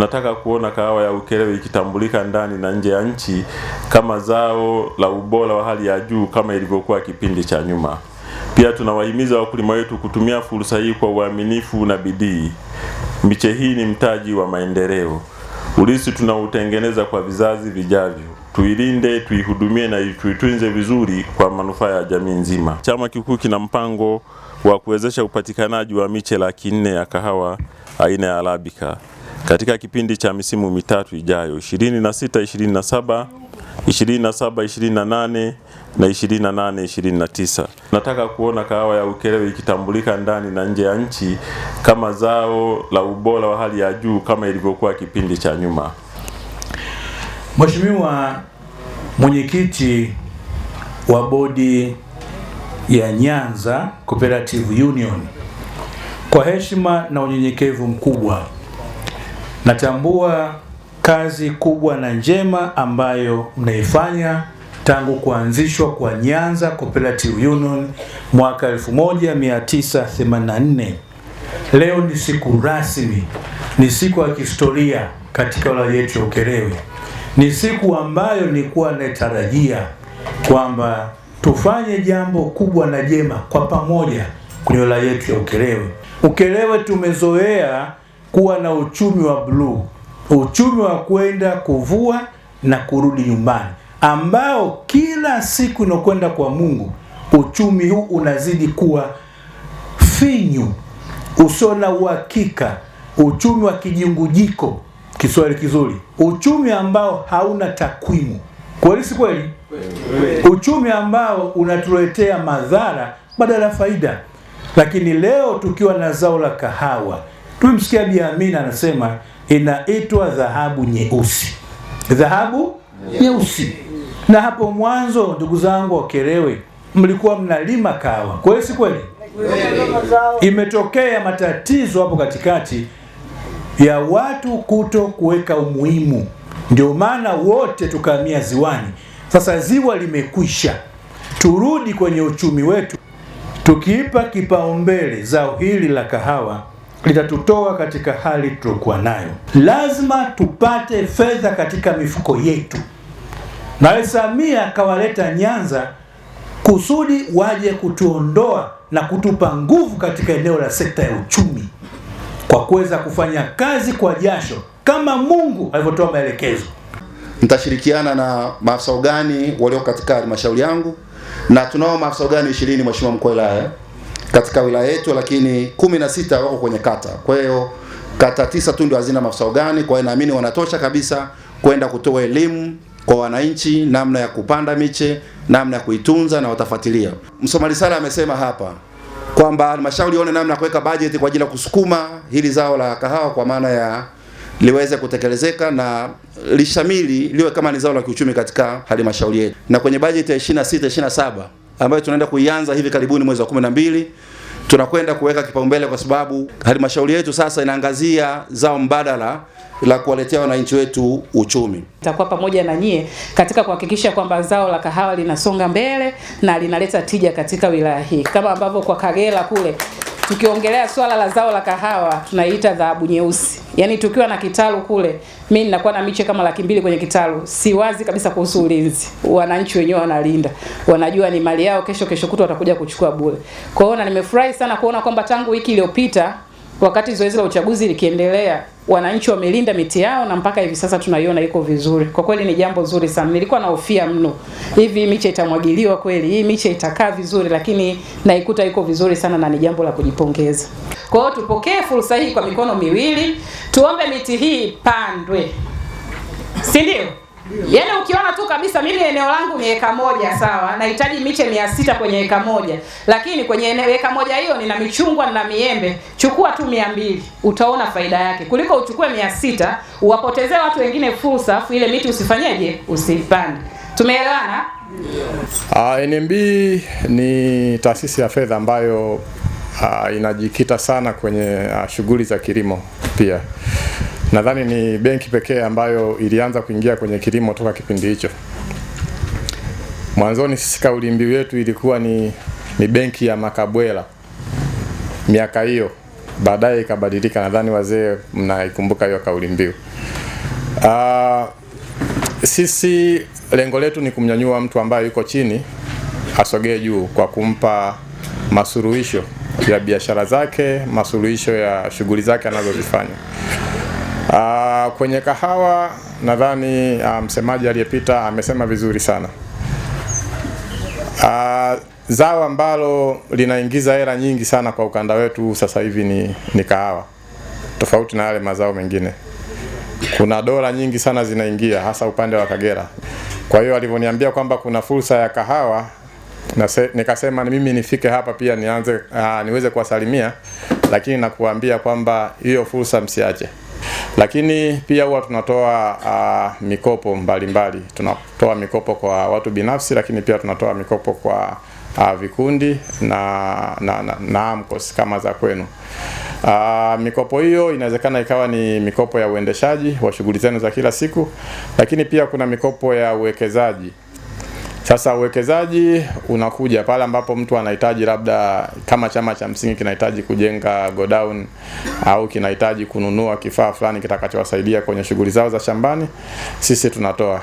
Nataka kuona kahawa ya Ukerewe ikitambulika ndani na nje ya nchi kama zao la ubora wa hali ya juu kama ilivyokuwa kipindi cha nyuma. Pia tunawahimiza wakulima wetu kutumia fursa hii kwa uaminifu na bidii. Miche hii ni mtaji wa maendeleo. Urithi tunautengeneza kwa vizazi vijavyo. Tuilinde, tuihudumie na tuitunze vizuri kwa manufaa ya jamii nzima. Chama kikuu kina mpango wa kuwezesha upatikanaji wa miche laki nne ya kahawa aina ya Arabica katika kipindi cha misimu mitatu ijayo 26, 27, 27, 28 na 28, 29. Nataka kuona kahawa ya Ukerewe ikitambulika ndani na nje ya nchi kama zao la ubora wa hali ya juu kama ilivyokuwa kipindi cha nyuma. Mheshimiwa mwenyekiti wa bodi ya Nyanza Cooperative Union, kwa heshima na unyenyekevu mkubwa Natambua kazi kubwa na njema ambayo mnaifanya tangu kuanzishwa kwa Nyanza Cooperative Union mwaka 1984. Leo ni siku rasmi, ni siku ya kihistoria katika wilaya yetu ya Ukerewe. Ni siku ambayo nilikuwa natarajia kwamba tufanye jambo kubwa na jema kwa pamoja kwenye wilaya yetu ya Ukerewe. Ukerewe tumezoea kuwa na uchumi wa bluu, uchumi wa kwenda kuvua na kurudi nyumbani, ambao kila siku inakwenda kwa Mungu, uchumi huu unazidi kuwa finyu, usio na uhakika, uchumi wa kijungujiko, Kiswahili kizuri, uchumi ambao hauna takwimu. Kweli si kweli? Uchumi ambao unatuletea madhara badala ya faida. Lakini leo tukiwa na zao la kahawa Tumemsikia Bi Amina anasema inaitwa dhahabu nyeusi, dhahabu nyeusi. Na hapo mwanzo, ndugu zangu Wakerewe, mlikuwa mnalima kawa, kweli si kweli? Imetokea matatizo hapo katikati ya watu kuto kuweka umuhimu, ndio maana wote tukahamia ziwani. Sasa ziwa limekwisha, turudi kwenye uchumi wetu tukiipa kipaumbele zao hili la kahawa litatutoa katika hali tuliokuwa nayo. Lazima tupate fedha katika mifuko yetu, na Samia akawaleta Nyanza kusudi waje kutuondoa na kutupa nguvu katika eneo la sekta ya uchumi kwa kuweza kufanya kazi kwa jasho kama Mungu alivyotoa maelekezo. Nitashirikiana na maafisa ugani walio katika halmashauri yangu na tunao maafisa ugani ishirini, Mheshimiwa Mkuu wa Wilaya katika wilaya yetu, lakini kumi na sita wako kwenye kata. Kwa hiyo kata tisa tu ndio hazina maafisa ugani. Kwa hiyo naamini wanatosha kabisa kwenda kutoa elimu kwa wananchi, namna ya kupanda miche, namna ya kuitunza na watafuatilia. Msomali Sala amesema hapa kwamba halmashauri ione namna ya kuweka bajeti kwa ajili ya kusukuma hili zao la kahawa kwa maana ya liweze kutekelezeka na lishamili liwe kama ni zao la kiuchumi katika halmashauri yetu. Na kwenye bajeti ya 26 27 ambayo tunaenda kuianza hivi karibuni mwezi wa 12 tunakwenda kuweka kipaumbele kwa sababu halmashauri yetu sasa inaangazia zao mbadala la kuwaletea wananchi wetu uchumi. Tutakuwa pamoja na nyie katika kuhakikisha kwamba zao la kahawa linasonga mbele na linaleta tija katika wilaya hii, kama ambavyo kwa Kagera kule tukiongelea swala la zao la kahawa tunaiita dhahabu nyeusi. Yaani tukiwa na kitalu kule, mimi ninakuwa na miche kama laki mbili kwenye kitalu. wazi kabisa kuhusu ulinzi. Wananchi wenyewe wanalinda. Wanajua ni mali yao, kesho kesho kutu watakuja kuchukua bure. Kwa hiyo nimefurahi sana kuona kwamba tangu wiki iliyopita wakati zoezi la uchaguzi likiendelea, wananchi wamelinda miti yao na mpaka hivi sasa tunaiona iko vizuri. Kwa kweli ni jambo zuri sana. Nilikuwa nahofia mno, hivi miche itamwagiliwa kweli, hii miche itakaa vizuri, lakini naikuta iko vizuri sana na ni jambo la kujipongeza. Kwa hiyo tupokee fursa hii kwa mikono miwili, tuombe miti hii pandwe si ndio? Yaani ukiona tu kabisa mimi eneo langu ni eka moja sawa, nahitaji miche mia sita kwenye eka moja, lakini kwenye eneo eka moja hiyo nina michungwa na miembe, chukua tu mia mbili utaona faida yake kuliko uchukue mia sita uwapotezee watu wengine fursa, afu ile miti usifanyeje, usipande. Tumeelewana? Uh, ah, NMB ni taasisi ya fedha ambayo uh, inajikita sana kwenye uh, shughuli za kilimo pia Nadhani ni benki pekee ambayo ilianza kuingia kwenye kilimo toka kipindi hicho. Mwanzoni sisi kauli mbiu yetu ilikuwa ni, ni benki ya makabwela miaka hiyo, baadaye ikabadilika. Nadhani wazee mnaikumbuka hiyo kauli mbiu. Uh, sisi lengo letu ni kumnyanyua mtu ambaye yuko chini asogee juu kwa kumpa masuluhisho ya biashara zake, masuluhisho ya shughuli zake anazozifanya. Uh, kwenye kahawa nadhani ah, msemaji aliyepita amesema vizuri sana. Uh, zao ambalo linaingiza hela nyingi sana kwa ukanda wetu sasa hivi ni, ni kahawa, tofauti na yale mazao mengine. Kuna dola nyingi sana zinaingia hasa upande wa Kagera. Kwa hiyo alivyoniambia kwamba kuna fursa ya kahawa na se, nikasema ni mimi nifike hapa pia nianze aa, niweze kuwasalimia, lakini nakuambia kwamba hiyo fursa msiache. Lakini pia huwa tunatoa uh, mikopo mbalimbali mbali. Tunatoa mikopo kwa watu binafsi, lakini pia tunatoa mikopo kwa uh, vikundi na na, na, na AMCOS kama za kwenu. Uh, mikopo hiyo inawezekana ikawa ni mikopo ya uendeshaji wa shughuli zenu za kila siku, lakini pia kuna mikopo ya uwekezaji sasa uwekezaji unakuja pale ambapo mtu anahitaji labda, kama chama cha msingi kinahitaji kujenga godown au kinahitaji kununua kifaa fulani kitakachowasaidia kwenye shughuli zao za shambani, sisi tunatoa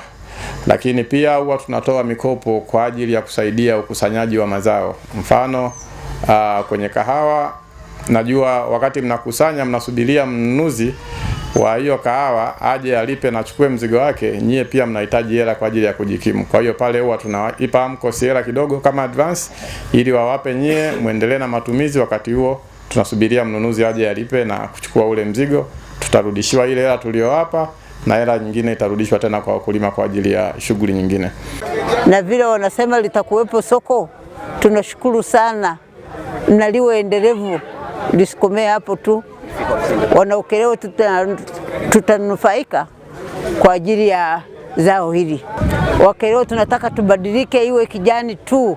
lakini pia huwa tunatoa mikopo kwa ajili ya kusaidia ukusanyaji wa mazao. Mfano aa, kwenye kahawa najua wakati mnakusanya mnasubiria mnunuzi wa hiyo kahawa aje alipe na achukue mzigo wake, nyie pia mnahitaji hela kwa ajili ya kujikimu. Kwa hiyo pale huwa tunaipa AMCOS hela kidogo kama advance, ili wawape nyie muendelee na matumizi. Wakati huo tunasubiria mnunuzi aje alipe na kuchukua ule mzigo, tutarudishiwa ile hela tuliyowapa na hela nyingine itarudishwa tena kwa wakulima kwa ajili ya shughuli nyingine. Na vile wanasema litakuwepo soko, tunashukuru sana, na liwe endelevu, lisikomee hapo tu. Wanaukerewe tutanufaika tuta kwa ajili ya zao hili. Wakerewe tunataka tubadilike, iwe kijani tu,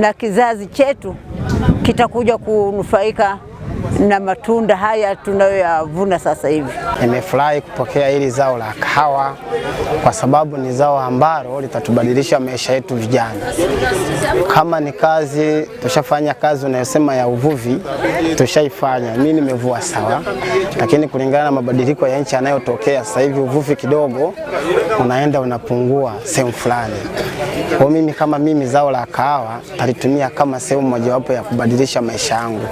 na kizazi chetu kitakuja kunufaika na matunda haya tunayoyavuna sasa hivi. Nimefurahi kupokea hili zao la kahawa kwa sababu ni zao ambalo litatubadilisha maisha yetu vijana. Kama ni kazi, tushafanya kazi unayosema ya uvuvi, tushaifanya. Mimi nimevua sawa, lakini kulingana na mabadiliko ya nchi yanayotokea sasa hivi, uvuvi kidogo unaenda unapungua sehemu fulani. Kwa mimi kama mimi, zao la kahawa talitumia kama sehemu mojawapo ya kubadilisha maisha yangu.